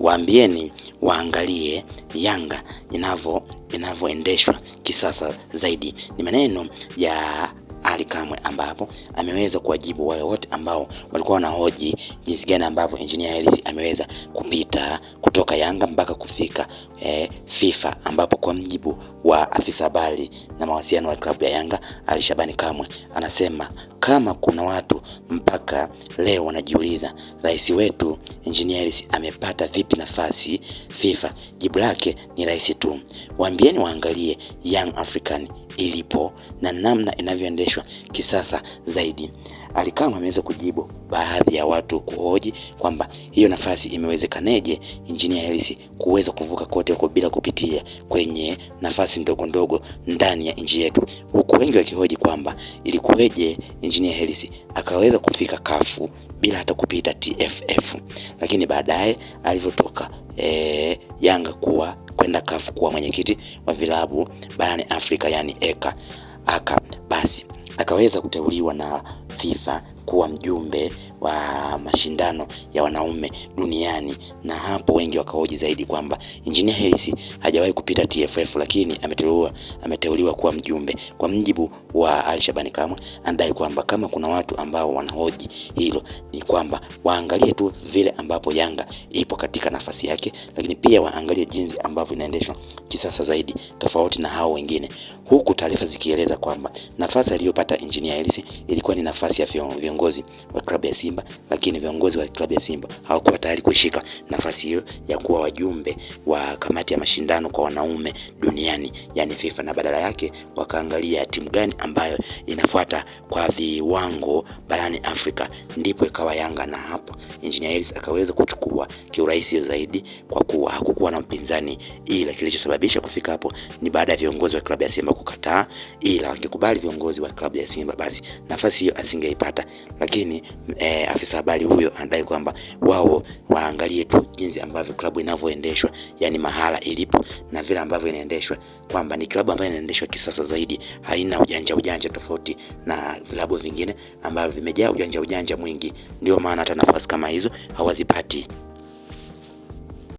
waambieni waangalie Yanga inavyoendeshwa kisasa zaidi. Ni maneno ya ali Kamwe, ambapo ameweza kuwajibu wale wote ambao walikuwa wanahoji jinsi gani ambavyo engineer Hersi ameweza kupita kutoka Yanga mpaka kufika eh, FIFA, ambapo kwa mjibu wa afisa habari na mawasiliano wa klabu ya Yanga Ali Shabani Kamwe anasema kama kuna watu mpaka leo wanajiuliza rais wetu engineer Hersi amepata vipi nafasi FIFA, jibu lake ni rahisi tu, waambieni waangalie Young African ilipo na namna inavyoendeshwa kisasa zaidi. Ally ameweza kujibu baadhi ya watu kuhoji kwamba hiyo nafasi imewezekaneje Injinia Hersi kuweza kuvuka kote huko bila kupitia kwenye nafasi ndogo ndogo ndani ya nchi yetu, huku wengi wakihoji kwamba ilikuweje Injinia Hersi akaweza kufika kafu bila hata kupita TFF, lakini baadaye alivyotoka e, Yanga kuwa kwenda CAF kuwa mwenyekiti wa vilabu barani Afrika yani eka aka basi akaweza kuteuliwa na FIFA kuwa mjumbe wa mashindano ya wanaume duniani, na hapo wengi wakahoji zaidi kwamba Engineer Hersi hajawahi kupita TFF, lakini ameteuliwa ameteuliwa kuwa mjumbe. Kwa mjibu wa Ali Shabani Kamwe, anadai kwamba kama kuna watu ambao wanahoji hilo ni kwamba waangalie tu vile ambapo Yanga ipo katika nafasi yake, lakini pia waangalie jinsi ambavyo inaendeshwa kisasa zaidi tofauti na hao wengine, huku taarifa zikieleza kwamba nafasi aliyopata Engineer Hersi ilikuwa ni nafasi ya viongozi viongozi wa klabu ya Simba, lakini viongozi wa klabu ya Simba hawakuwa tayari kuishika nafasi hiyo ya kuwa wajumbe wa kamati ya mashindano kwa wanaume duniani, yani FIFA, na badala yake wakaangalia timu gani ambayo inafuata kwa viwango barani Afrika, ndipo ikawa Yanga, na hapo Engineer Hersi akaweza kuchukua kiurahisi zaidi kwa kuwa hakukuwa na mpinzani, ila kilichosababisha kufika hapo ni baada ya viongozi wa klabu ya Simba kukataa, ila wangekubali viongozi wa klabu ya Simba, basi nafasi hiyo asingeipata lakini e, afisa habari huyo anadai kwamba wao waangalie tu jinsi ambavyo klabu inavyoendeshwa, yani mahala ilipo na vile ambavyo inaendeshwa, kwamba ni klabu ambayo inaendeshwa kisasa zaidi, haina ujanja ujanja tofauti na vilabu vingine ambavyo vimejaa ujanja ujanja mwingi. Ndio maana hata nafasi kama hizo hawazipati.